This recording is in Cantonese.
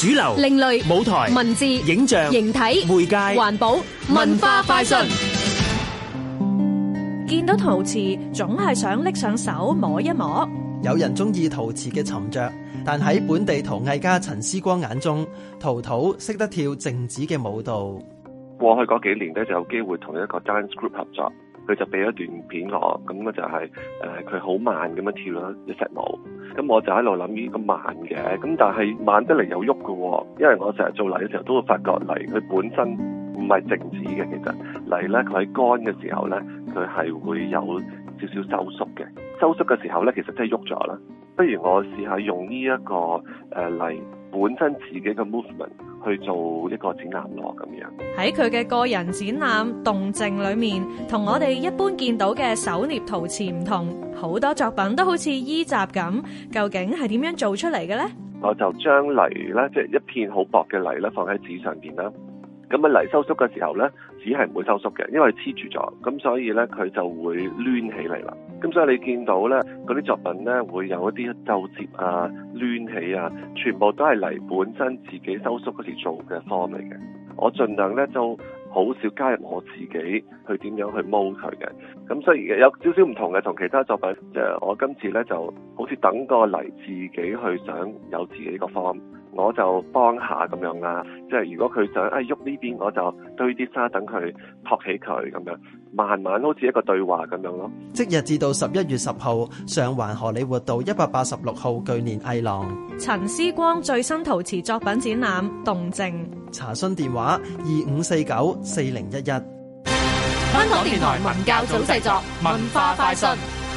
主流、另類、舞台、文字、影像、形體、媒介、環保、文化快訊。見到陶瓷，總係想拎上手摸一摸。有人中意陶瓷嘅沉着，但喺本地陶藝家陳思光眼中，陶陶識得跳靜止嘅舞蹈。過去嗰幾年咧，就有機會同一個 dance group 合作。佢就俾一段片我，咁啊就係誒佢好慢咁樣跳咗一隻舞，咁我就喺度諗呢個慢嘅，咁但係慢得嚟有喐㗎喎，因為我成日做泥嘅時候都會發覺泥佢本身唔係靜止嘅，其實泥咧佢喺乾嘅時候咧，佢係會有少少收縮嘅，收縮嘅時候咧其實真係喐咗啦，不如我試下用呢、這、一個誒泥、呃、本身自己嘅 movement。去做一個展覽咯，咁樣喺佢嘅個人展覽動靜裏面，同我哋一般見到嘅手捏陶瓷唔同，好多作品都好似衣集咁，究竟係點樣做出嚟嘅呢？我就將泥咧，即係一片好薄嘅泥咧，放喺紙上邊啦。咁啊泥收縮嘅時候咧，只係唔會收縮嘅，因為黐住咗，咁所以咧佢就會攣起嚟啦。咁所以你見到咧嗰啲作品咧，會有一啲皺折啊、攣起啊，全部都係泥本身自己收縮嗰時做嘅 form 嚟嘅。我盡量咧就好少加入我自己去點樣去踎佢嘅。咁所以有少少唔同嘅，同其他作品即係我今次咧就好似等個泥自己去想有自己個 form。我就幫下咁樣啦，即係如果佢想啊喐呢邊，我就堆啲沙等佢托起佢咁樣，慢慢好似一個對話咁樣咯。即日至到十一月十號，上環荷里活道一百八十六號巨年藝廊，陳思光最新陶瓷作品展覽《動靜》。查詢電話二五四九四零一一。香港電台文教組製作，文化快訊。